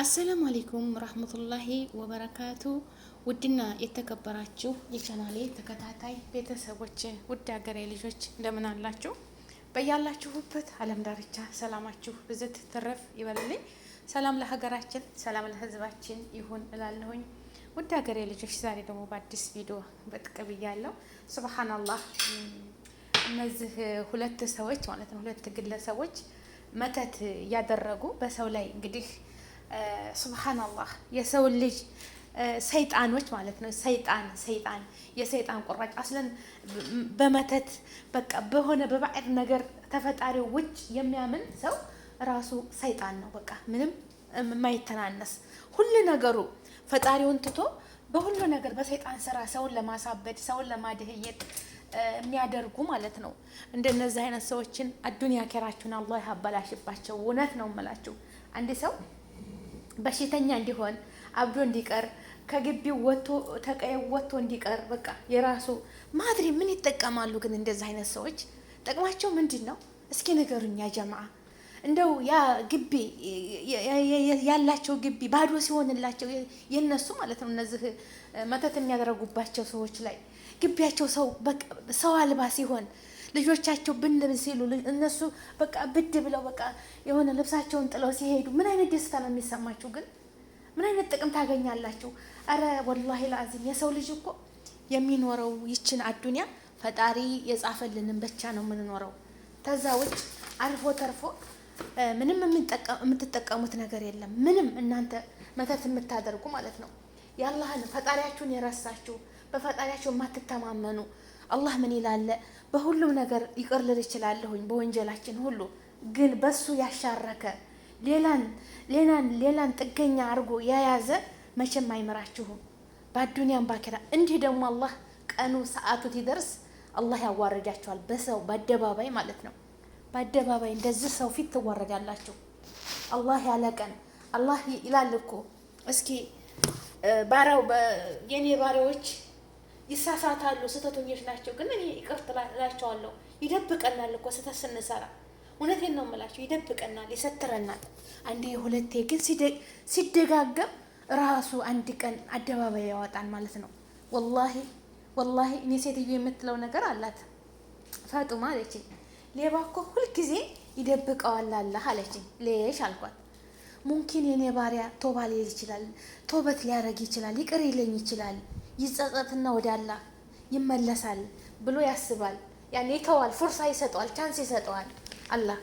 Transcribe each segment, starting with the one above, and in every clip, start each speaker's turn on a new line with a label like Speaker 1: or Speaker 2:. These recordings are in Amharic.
Speaker 1: አሰላሙ አሌይኩም ረህመቱላሂ ወበረካቱ። ውድና የተከበራችሁ የቻናሌ ተከታታይ ቤተሰቦች ውድ ሀገሬ ልጆች እንደምን አላችሁ? በያላችሁበት አለም ዳርቻ ሰላማችሁ ብዝት ትረፍ ይበልልኝ። ሰላም ለሀገራችን፣ ሰላም ለህዝባችን ይሁን እላለሁኝ። ውድ ሀገሬ ልጆች ዛሬ ደግሞ በአዲስ ቪዲዮ ብቅ ብያለሁ። ሱብሃናላህ እነዚህ ሁለት ሰዎች ማለት ነው ሁለት ግለሰቦች መተት እያደረጉ በሰው ላይ እንግዲህ ሱብሃናላህ የሰውን ልጅ ሰይጣኖች ማለት ነው። ሰይጣን ሰይጣን የሰይጣን ቁራጭ አስለን በመተት በቃ በሆነ በባዕድ ነገር ተፈጣሪው ውጭ የሚያምን ሰው ራሱ ሰይጣን ነው። በቃ ምንም የማይተናነስ ሁሉ ነገሩ ፈጣሪውን ትቶ በሁሉ ነገር በሰይጣን ስራ ሰውን ለማሳበድ ሰውን ለማድህየት የሚያደርጉ ማለት ነው። እንደነዚህ አይነት ሰዎችን አዱንያ ኬራችሁን አላህ ያበላሽባቸው። እውነት ነው የምላችሁ አንድ ሰው በሽተኛ እንዲሆን አብዶ እንዲቀር ከግቢው ወጥቶ ተቀየ ወጥቶ እንዲቀር በቃ የራሱ ማድሪ ምን ይጠቀማሉ? ግን እንደዚህ አይነት ሰዎች ጥቅማቸው ምንድን ነው? እስኪ ንገሩኝ ያ ጀማ እንደው ያ ግቢ ያላቸው ግቢ ባዶ ሲሆንላቸው የነሱ ማለት ነው እነዚህ መተት የሚያደርጉባቸው ሰዎች ላይ ግቢያቸው ሰው ሰው አልባ ሲሆን ልጆቻቸው ብን ሲሉ እነሱ በቃ ብድ ብለው በቃ የሆነ ልብሳቸውን ጥለው ሲሄዱ ምን አይነት ደስታ ነው የሚሰማችሁ? ግን ምን አይነት ጥቅም ታገኛላችሁ? አረ ወላሂ ለአዚም የሰው ልጅ እኮ የሚኖረው ይችን አዱኒያ ፈጣሪ የጻፈልንን ብቻ ነው የምንኖረው። ከዛ ውጭ አልፎ ተርፎ ምንም የምትጠቀሙት ነገር የለም። ምንም እናንተ መተት የምታደርጉ ማለት ነው። የአላህን ፈጣሪያችሁን የረሳችሁ በፈጣሪያችሁ የማትተማመኑ አላህ ምን ይላለ በሁሉም ነገር ይቅር ልል እችላለሁኝ በወንጀላችን ሁሉ። ግን በሱ ያሻረከ ሌላን ሌላን ሌላን ጥገኛ አድርጎ የያዘ መቼም አይምራችሁም በአዱንያም ባኪራ። እንዲህ ደግሞ አላህ ቀኑ ሰዓቱ ሲደርስ አላህ ያዋረዳችኋል፣ በሰው በአደባባይ ማለት ነው። በአደባባይ እንደዚህ ሰው ፊት ትዋረዳላችሁ። አላህ ያለ ቀን አላህ ይላል እኮ እስኪ ባሪያው የኔ ባሪያዎች ይሳሳታሉ፣ ስህተተኞች ናቸው። ግን እኔ ይቅር እላቸዋለሁ። ይደብቀናል እኮ ስህተት ስንሰራ፣ እውነቴን ነው የምላቸው፣ ይደብቀናል፣ ይሰትረናል። አንዴ ሁለቴ ግን ሲደጋገም ራሱ አንድ ቀን አደባባይ ያወጣን ማለት ነው። ወላሂ ወላሂ እኔ ሴትዮ የምትለው ነገር አላት ፈጡ አለችኝ። ሌባ እኮ ሁልጊዜ ይደብቀዋል አላህ አለችኝ። ሌሽ አልኳት። ሙምኪን የኔ ባሪያ ቶባ ሊል ይችላል፣ ቶበት ሊያደርግ ይችላል፣ ይቅር ይለኝ ይችላል ይጸጸትና ወደ አላህ ይመለሳል ብሎ ያስባል። ያን ይተዋል፣ ፉርሳ ይሰጠዋል፣ ቻንስ ይሰጠዋል አላህ።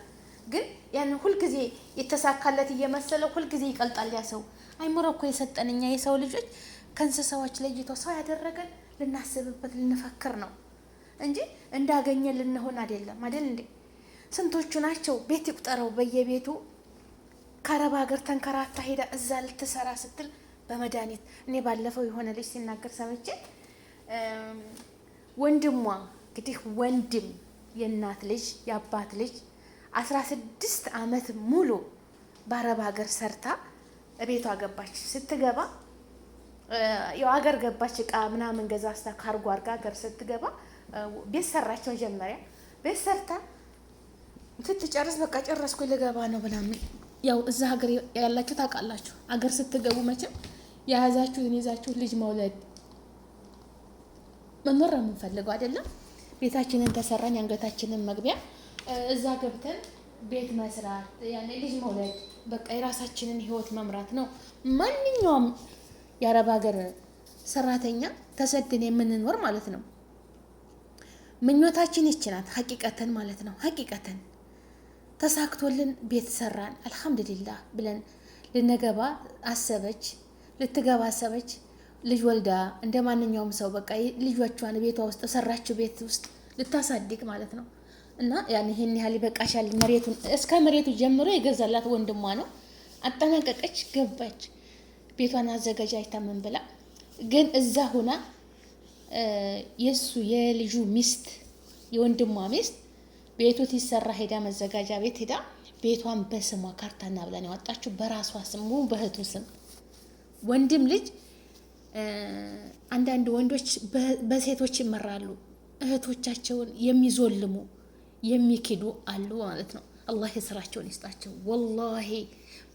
Speaker 1: ግን ያን ሁልጊዜ የተሳካለት እየመሰለው ሁልጊዜ ይቀልጣል ያ ሰው። አይምሮ እኮ የሰጠን እኛ የሰው ልጆች ከእንስሳዎች ለይቶ ሰው ያደረገን ልናስብበት ልንፈክር ነው እንጂ እንዳገኘ ልንሆን አይደለም። አይደል እንዴ? ስንቶቹ ናቸው ቤት ይቁጠረው በየቤቱ ከአረብ ሀገር ተንከራታ ሄዳ እዛ ልትሰራ ስትል በመድኃኒት እኔ ባለፈው የሆነ ልጅ ሲናገር ሰምቼ ወንድሟ እንግዲህ ወንድም የእናት ልጅ የአባት ልጅ አስራ ስድስት አመት ሙሉ በአረብ ሀገር ሰርታ ቤቷ ገባች። ስትገባ ያው አገር ገባች እቃ ምናምን ገዛ ስታ ካርጎ አርጋ ሀገር ስትገባ ቤት ሰራች። መጀመሪያ ቤት ሰርታ ስትጨርስ በቃ ጨረስኩ ልገባ ነው ምናምን ያው እዛ ሀገር ያላችሁ ታውቃላችሁ። አገር ስትገቡ መቼም የያዛችሁትን ይዛችሁት ልጅ መውለድ መኖር ነው የምንፈልገው አይደለም። ቤታችንን ተሰራን የአንገታችንን መግቢያ እዛ ገብተን ቤት መስራት ያኔ ልጅ መውለድ በቃ የራሳችንን ህይወት መምራት ነው። ማንኛውም የአረብ ሀገር ሰራተኛ ተሰድን የምንኖር ማለት ነው። ምኞታችን ይችናት ሀቂቀተን ማለት ነው። ሀቂቀተን ተሳክቶልን ቤት ሰራን አልሐምዱሊላህ ብለን ልነገባ አሰበች ልትገባ አሰበች። ልጅ ወልዳ እንደ ማንኛውም ሰው በቃ ልጇቿን ቤቷ ውስጥ ሰራችው፣ ቤት ውስጥ ልታሳድግ ማለት ነው። እና ያን ይሄን ያህል ይበቃሻል፣ መሬቱን እስከ መሬቱ ጀምሮ የገዛላት ወንድሟ ነው። አጠናቀቀች፣ ገባች። ቤቷን አዘጋጃጅታ ምን ብላ ግን እዛ ሁና የእሱ የልጁ ሚስት የወንድሟ ሚስት ቤቱ ሲሰራ ሄዳ መዘጋጃ ቤት ሄዳ ቤቷን በስሟ ካርታና ብለን ያወጣችው፣ በራሷ ስሙ በእህቱ ስም ወንድም ልጅ አንዳንድ ወንዶች በሴቶች ይመራሉ፣ እህቶቻቸውን የሚዞልሙ የሚክዱ አሉ ማለት ነው። አላህ የስራቸውን ይስጣቸው። ወላሂ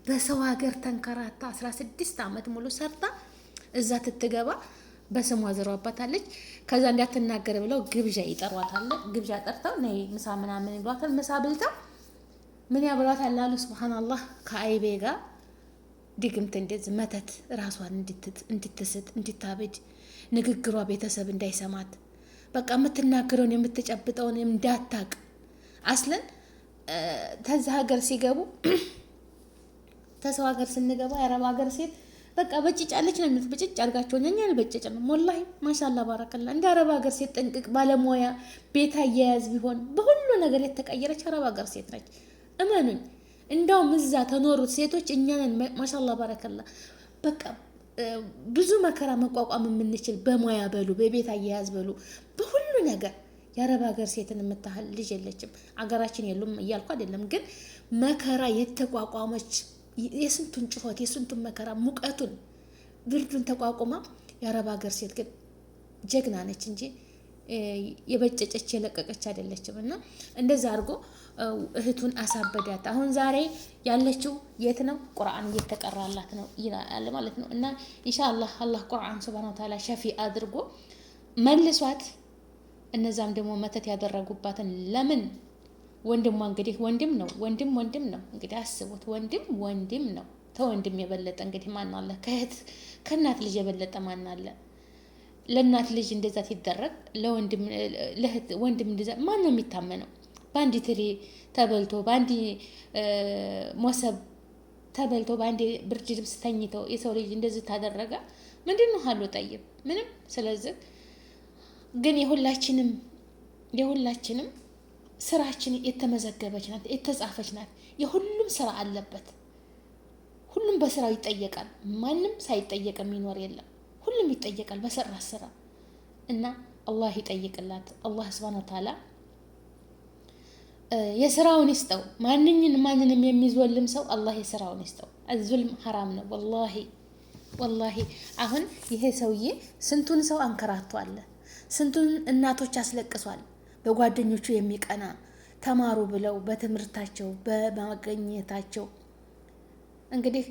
Speaker 1: በሰው ሀገር ተንከራታ 16 ዓመት ሙሉ ሰርታ እዛ ትትገባ በስሟ አዝረዋባታለች። ከዛ እንዳትናገር ብለው ግብዣ ይጠሯታል። ግብዣ ጠርተው ነይ ምሳ ምናምን ይሏታል። ምሳ ብልተው ምን ያብሏታል አሉ። ስብሓናላህ ከአይቤ ጋር ድግምት እንደዚህ መተት ራሷን እንድትስት እንድታበጅ ንግግሯ ቤተሰብ እንዳይሰማት በቃ የምትናገረውን የምትጨብጠውን እንዳታቅ አስለን ተዛ ሀገር ሲገቡ ተሰው ሀገር ስንገባ የአረብ ሀገር ሴት በቃ በጭጫለች ነው የሚሉት። በጭጭ አድርጋቸው እኛን በጭጭ ነው ወላሂ። ማሻላ ባረከላ። እንደ አረብ ሀገር ሴት ጠንቅቅ ባለሙያ ቤት አያያዝ ቢሆን በሁሉ ነገር የተቀየረች አረብ ሀገር ሴት ነች። እመኑኝ። እንደውም እዛ ተኖሩት ሴቶች እኛንን ማሻላ ባረከላ በቃ ብዙ መከራ መቋቋም የምንችል በሙያ በሉ በቤት አያያዝ በሉ በሁሉ ነገር የአረብ ሀገር ሴትን የምታህል ልጅ የለችም። አገራችን የሉም እያልኩ አይደለም፣ ግን መከራ የተቋቋመች የስንቱን ጩኸት የስንቱን መከራ ሙቀቱን ብርዱን ተቋቁማ የአረብ ሀገር ሴት ግን ጀግና ነች እንጂ የበጨጨች የለቀቀች አይደለችም። እና እንደዛ አድርጎ እህቱን አሳበዳት። አሁን ዛሬ ያለችው የት ነው? ቁርአን እየተቀራላት ነው ይላል ማለት ነው። እና ኢንሻአላህ አላህ ቁርአን ሱብሃነሁ ወተዓላ ሸፊ አድርጎ መልሷት። እነዛም ደግሞ መተት ያደረጉባትን ለምን ወንድሟ እንግዲህ ወንድም ነው ወንድም ወንድም ነው እንግዲህ አስቡት። ወንድም ወንድም ነው ተወንድም የበለጠ እንግዲህ ማን አለ? ከእህት ከእናት ልጅ የበለጠ ማን አለ? ለእናት ልጅ እንደዛ ሲደረግ ለወንድም ወንድም እንደዛ ማን ነው የሚታመነው? በአንድ ትሪ ተበልቶ በአንድ ሞሰብ ተበልቶ በአንድ ብርድ ልብስ ተኝቶ የሰው ልጅ እንደዚህ ታደረገ ምንድን ነው ሀሉ ጠይብ ምንም። ስለዚህ ግን የሁላችንም የሁላችንም ስራችን የተመዘገበች ናት፣ የተጻፈች ናት። የሁሉም ስራ አለበት። ሁሉም በስራው ይጠየቃል። ማንም ሳይጠየቅ የሚኖር የለም። ሁሉም ይጠየቃል በሰራ ስራ እና አላህ ይጠይቅላት አላህ ስብሃነ ወተዓላ የስራውን ይስጠው። ማንኝን ማንንም የሚዞልም ሰው አላህ የስራውን ይስጠው። አዙልም ሀራም ነው። ወላሂ ወላሂ አሁን ይሄ ሰውዬ ስንቱን ሰው አንከራቷል፣ ስንቱን እናቶች አስለቅሷል። በጓደኞቹ የሚቀና ተማሩ ብለው በትምህርታቸው በማገኘታቸው እንግዲህ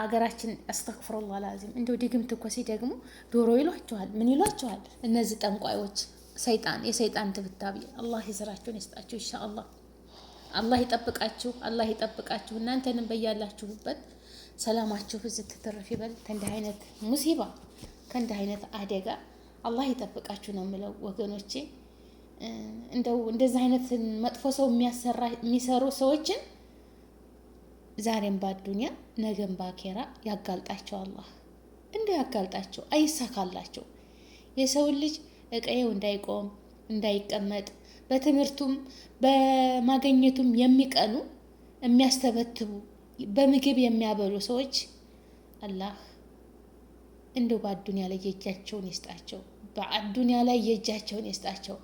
Speaker 1: አገራችን አስተክፍሩላ ላዚም እንደው ድግምት እኮ ሲደግሙ ዶሮ ይሏቸዋል፣ ምን ይሏቸዋል እነዚህ ጠንቋዮች ሰይጣን የሰይጣን ትብታብ አላህ የስራችሁን ይስጣችሁ። ኢንሻአላህ አላህ ይጠብቃችሁ፣ አላህ ይጠብቃችሁ። እናንተንም በያላችሁበት ሰላማችሁ ብዝት ትርፍ ይበል። ከእንዲህ አይነት ሙሲባ ከእንዲህ አይነት አደጋ አላህ ይጠብቃችሁ ነው የምለው ወገኖቼ። እንደው እንደዚህ አይነት መጥፎ ሰው የሚያሰራ የሚሰሩ ሰዎችን ዛሬም ባዱንያ ነገም ባኬራ ያጋልጣቸው አላህ እንደ ያጋልጣቸው አይሳካላቸው የሰውን ልጅ እቀየው እንዳይቆም እንዳይቀመጥ በትምህርቱም በማገኘቱም የሚቀኑ የሚያስተበትቡ በምግብ የሚያበሉ ሰዎች አላህ እንደው በአዱንያ ላይ የእጃቸውን ይስጣቸው። በአዱንያ ላይ የእጃቸውን ይስጣቸው።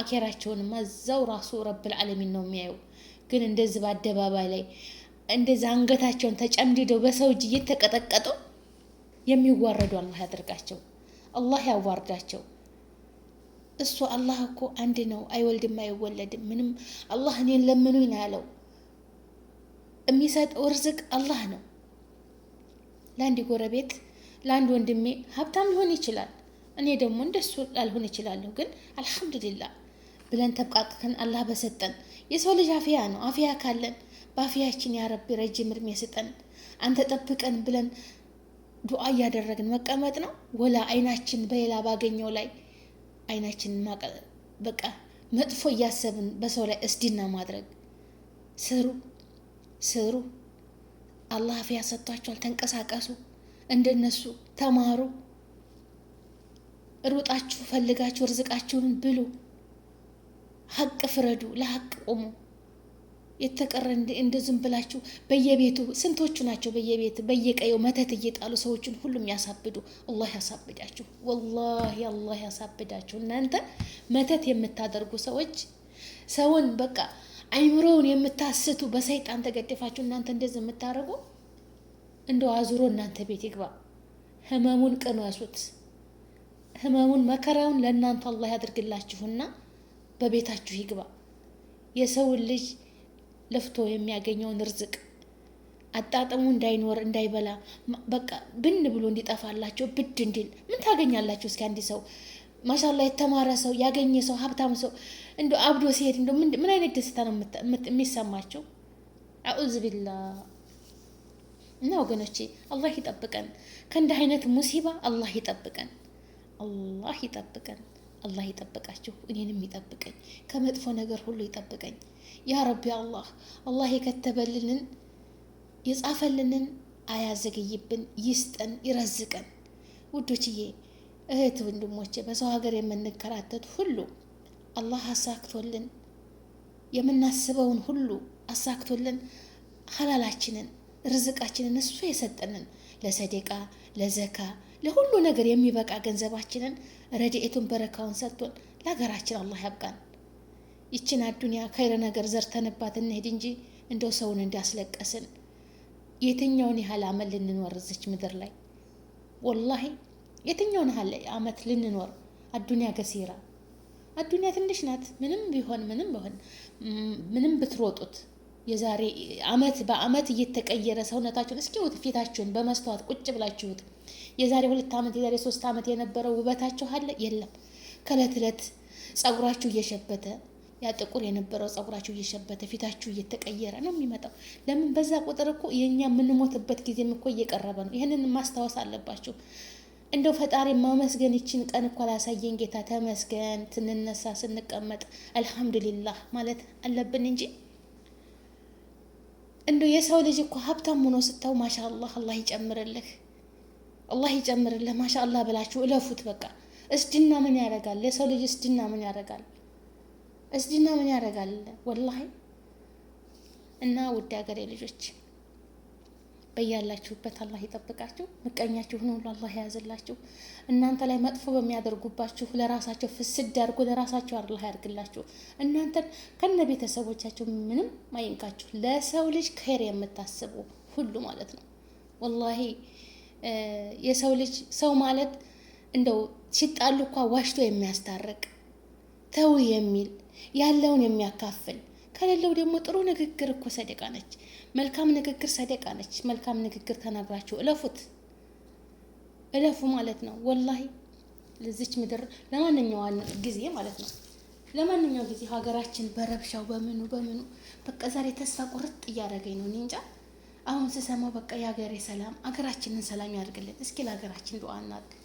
Speaker 1: አኬራቸውንማ እዛው ራሱ ረብል ዓለሚን ነው የሚያየው። ግን እንደዚህ በአደባባይ ላይ እንደዚህ አንገታቸውን ተጨምድደው በሰው እጅ እየተቀጠቀጡ የሚዋረዱ አላህ ያደርጋቸው። አላህ ያዋርዳቸው። እሱ አላህ እኮ አንድ ነው፣ አይወልድም፣ አይወለድም። ምንም አላህ እኔን ለምኑኝ ያለው። የሚሰጠው ርዝቅ አላህ ነው። ለአንድ ጎረቤት፣ ለአንድ ወንድሜ ሀብታም ሊሆን ይችላል። እኔ ደግሞ እንደሱ ላልሆን ይችላለሁ። ግን አልሐምዱሊላህ ብለን ተብቃቅከን አላህ በሰጠን። የሰው ልጅ አፍያ ነው። አፍያ ካለን በአፍያችን ያረቢ ረጅም እድሜ ስጠን፣ አንተ ጠብቀን ብለን ዱዓ እያደረግን መቀመጥ ነው። ወላ አይናችን በሌላ ባገኘው ላይ አይናችንን ማቀ- በቃ መጥፎ እያሰብን በሰው ላይ እስድና ማድረግ። ስሩ ስሩ፣ አላህ አፍያ ሰጥቷቸዋል። ተንቀሳቀሱ፣ እንደነሱ ተማሩ፣ ሩጣችሁ ፈልጋችሁ እርዝቃችሁን ብሉ፣ ሀቅ ፍረዱ፣ ለሀቅ ቁሙ። የተቀረ እንደ ዝም ብላችሁ በየቤቱ ስንቶቹ ናቸው በየቤት በየቀየው መተት እየጣሉ ሰዎችን ሁሉም ያሳብዱ። አላህ ያሳብዳችሁ፣ ወላሂ አላህ ያሳብዳችሁ። እናንተ መተት የምታደርጉ ሰዎች ሰውን በቃ አይምሮውን የምታስቱ በሰይጣን ተገደፋችሁ እናንተ እንደዚህ የምታደርጉ እንደው አዙሮ እናንተ ቤት ይግባ። ህመሙን ቅመሱት። ህመሙን መከራውን ለእናንተ አላህ ያድርግላችሁና በቤታችሁ ይግባ የሰውን ልጅ ለፍቶ የሚያገኘውን ርዝቅ አጣጥሙ እንዳይኖር እንዳይበላ በቃ ብን ብሎ እንዲጠፋላቸው ብድ እንዲል ምን ታገኛላቸው? እስኪ አንድ ሰው ማሻላ የተማረ ሰው ያገኘ ሰው ሀብታም ሰው እንደ አብዶ ሲሄድ እንደ ምን አይነት ደስታ ነው የሚሰማቸው? አዑዝ ቢላ እና ወገኖቼ አላህ ይጠብቀን ከእንዲህ አይነት ሙሲባ አላህ ይጠብቀን፣ አላህ ይጠብቀን። አላህ ይጠብቃችሁ፣ እኔንም ይጠብቀኝ፣ ከመጥፎ ነገር ሁሉ ይጠብቀኝ። ያ ረቢ አላህ አላህ የከተበልንን የጻፈልንን አያዘግይብን፣ ይስጠን፣ ይረዝቀን። ውዶችዬ፣ እህት ወንድሞቼ፣ በሰው ሀገር የምንከራተት ሁሉ አላህ አሳክቶልን የምናስበውን ሁሉ አሳክቶልን ሀላላችንን ርዝቃችንን እሱ የሰጠንን ለሰደቃ ለዘካ ለሁሉ ነገር የሚበቃ ገንዘባችንን ረድኤቱን በረካውን ሰጥቶን ለሀገራችን አላህ ያብቃን። ይችን አዱኒያ ከይረ ነገር ዘርተንባት እንሄድ እንጂ እንደው ሰውን እንዳስለቀስን የትኛውን ያህል አመት ልንኖር እዚች ምድር ላይ ወላሂ የትኛውን ያህል አመት ልንኖር? አዱኒያ ገሲራ አዱኒያ ትንሽ ናት። ምንም ቢሆን ምንም ቢሆን ምንም ብትሮጡት የዛሬ አመት በአመት እየተቀየረ ሰውነታችሁን እስኪ ፊታችሁን በመስተዋት ቁጭ ብላችሁት የዛሬ ሁለት ዓመት የዛሬ ሶስት ዓመት የነበረው ውበታችሁ አለ የለም። ከእለት እለት ጸጉራችሁ እየሸበተ ያ ጥቁር የነበረው ጸጉራችሁ እየሸበተ ፊታችሁ እየተቀየረ ነው የሚመጣው። ለምን በዛ ቁጥር እኮ የእኛ የምንሞትበት ጊዜም እኮ እየቀረበ ነው። ይህንን ማስታወስ አለባችሁ። እንደው ፈጣሪ ማመስገን ይችን ቀን እኮ ላሳየን ጌታ ተመስገን፣ ስንነሳ ስንቀመጥ አልሐምዱሊላህ ማለት አለብን እንጂ እንደው የሰው ልጅ እኮ ሀብታም ሆኖ ስታው ማሻ አላህ አላህ ይጨምርልህ አላህ ይጨምርልህ። ማሻአላህ ብላችሁ እለፉት። በቃ እስድና ምን ያደርጋል? ለሰው ልጅ እስድና ምን ያደርጋል? እስድና ምን ያደርጋል? ወላሂ እና ውድ ሀገሬ ልጆች በያላችሁበት አላህ ይጠብቃችሁ። ምቀኛችሁን ሁሉ አላህ የያዝላችሁ። እናንተ ላይ መጥፎ በሚያደርጉባችሁ ለራሳቸው ፍስድ አድርጎ ለራሳቸው አላህ ያድርግላችሁ። እናንተን ከነ ቤተሰቦቻቸው ምንም አይንካችሁ። ለሰው ልጅ ኸይር የምታስቡ ሁሉ ማለት ነው ወላሂ የሰው ልጅ ሰው ማለት እንደው ሲጣሉ እኳ ዋሽቶ የሚያስታርቅ ተው የሚል ያለውን የሚያካፍል ከሌለው ደግሞ ጥሩ ንግግር እኮ ሰደቃ ነች። መልካም ንግግር ሰደቃ ነች። መልካም ንግግር ተናግራችሁ እለፉት፣ እለፉ ማለት ነው። ወላሂ ለዚች ምድር ለማንኛውም ጊዜ ማለት ነው ለማንኛው ጊዜ ሀገራችን በረብሻው በምኑ በምኑ በቃ ዛሬ ተስፋ ቁርጥ እያደረገኝ ነው። እኔ እንጃ አሁን ስሰማው በቃ የሀገሬ ሰላም አገራችንን ሰላም ያድርግልን። እስኪ ለሀገራችን ዱአ እናድርግ።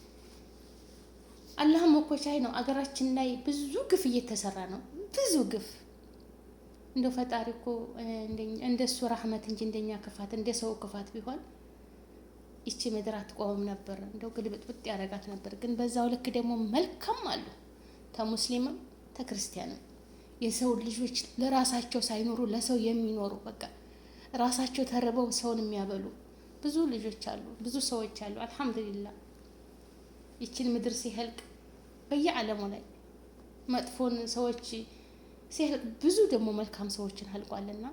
Speaker 1: አላህ መኮቻይ ነው። አገራችን ላይ ብዙ ግፍ እየተሰራ ነው። ብዙ ግፍ እንደ ፈጣሪ እኮ እንደሱ ራህመት እንጂ እንደኛ ክፋት እንደ ሰው ክፋት ቢሆን ይቺ ምድር አትቆምም ነበር፣ እንደው ግልብጥብጥ ያደረጋት ነበር። ግን በዛው ልክ ደግሞ መልካም አሉ ከሙስሊምም ተክርስቲያንም የሰው ልጆች ለራሳቸው ሳይኖሩ ለሰው የሚኖሩ በቃ ራሳቸው ተርበው ሰውን የሚያበሉ ብዙ ልጆች አሉ፣ ብዙ ሰዎች አሉ። አልሐምዱሊላ ይችን ምድር ሲህልቅ በየዓለሙ ላይ መጥፎን ሰዎች ሲህልቅ ብዙ ደግሞ መልካም ሰዎችን አልቋልና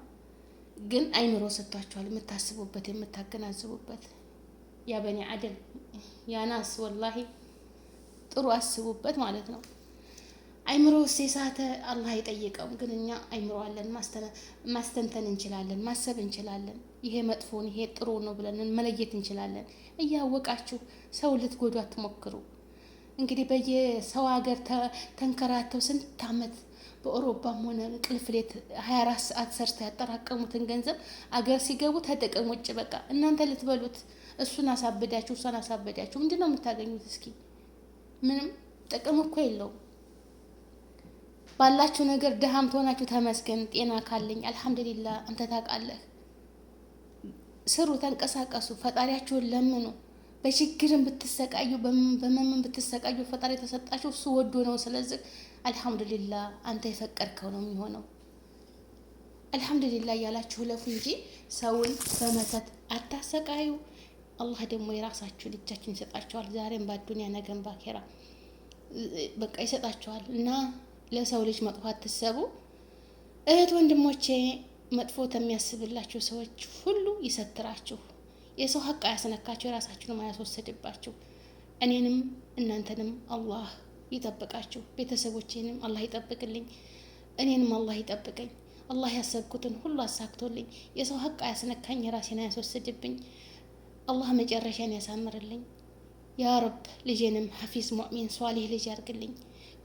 Speaker 1: ግን አይምሮ ሰጥቷቸዋል። የምታስቡበት የምታገናዝቡበት ያ በኒ አደም ያ ወላሂ ጥሩ አስቡበት ማለት ነው። አይምሮ ሴሳተ የሳተ አላህ አይጠይቀውም። ግን እኛ አይምሮ አለን፣ ማስተንተን እንችላለን፣ ማሰብ እንችላለን። ይሄ መጥፎን ይሄ ጥሩ ነው ብለን መለየት እንችላለን። እያወቃችሁ ሰው ልትጎዱ አትሞክሩ። እንግዲህ በየሰው ሀገር ተንከራተው ስንት ዓመት በአውሮፓም ሆነ ቅልፍሌት ሀያ አራት ሰዓት ሰርተው ያጠራቀሙትን ገንዘብ አገር ሲገቡ ተጠቀም ውጭ በቃ እናንተ ልትበሉት እሱን አሳበዳችሁ እሷን አሳበዳችሁ ምንድን ነው የምታገኙት? እስኪ ምንም ጥቅም እኮ የለውም። ባላችሁ ነገር ድሃም ትሆናችሁ ተመስገን። ጤና ካለኝ አልሐምዱሊላ። አንተ ታውቃለህ። ስሩ፣ ተንቀሳቀሱ፣ ፈጣሪያችሁን ለምኑ። በችግርን ብትሰቃዩ በመምን ብትሰቃዩ ፈጣሪ የተሰጣችሁ እሱ ወዶ ነው። ስለዚህ አልሐምዱሊላ አንተ የፈቀድከው ነው የሚሆነው። አልሐምዱሊላ እያላችሁ ለፉ እንጂ ሰውን በመተት አታሰቃዩ። አላህ ደግሞ የራሳችሁን ልጃችሁን ይሰጣችኋል። ዛሬም በአዱንያ ነገም ባኬራ በቃ ይሰጣችኋል እና ለሰው ልጅ መጥፎ አትሰቡ። እህት ወንድሞቼ፣ መጥፎ ከሚያስብላችሁ ሰዎች ሁሉ ይሰትራችሁ። የሰው ሀቅ አያስነካችሁ፣ የራሳችሁንም አያስወሰድባችሁ። እኔንም እናንተንም አላህ ይጠብቃችሁ፣ ቤተሰቦቼንም አላህ ይጠብቅልኝ፣ እኔንም አላህ ይጠብቀኝ። አላህ ያሰብኩትን ሁሉ አሳክቶልኝ፣ የሰው ሀቅ አያስነካኝ፣ የራሴን አያስወስድብኝ አላህ መጨረሻን ያሳምርልኝ። ያ ረብ ልጄንም ሐፊዝ ሙእሚን ሷሊህ ልጅ ያርግልኝ።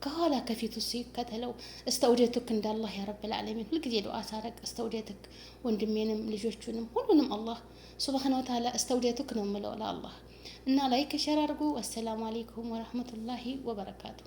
Speaker 1: ከኋላ ከፊቱ ሲከተለው እስተውደትክ እንዳላህ ያረብል ዓለሚን ሁልጊዜ ዱዓ ሳረግ እስተውደትክ ወንድሜንም ልጆቹንም ሁሉንም አላህ ሱብሓነ ወተዓላ እስተውደትክ ነው ምለው ለአላህ እና ላይክ ሸር አድርጉ። አሰላሙ አሌይኩም ወረህመቱላሂ ወበረካቱ።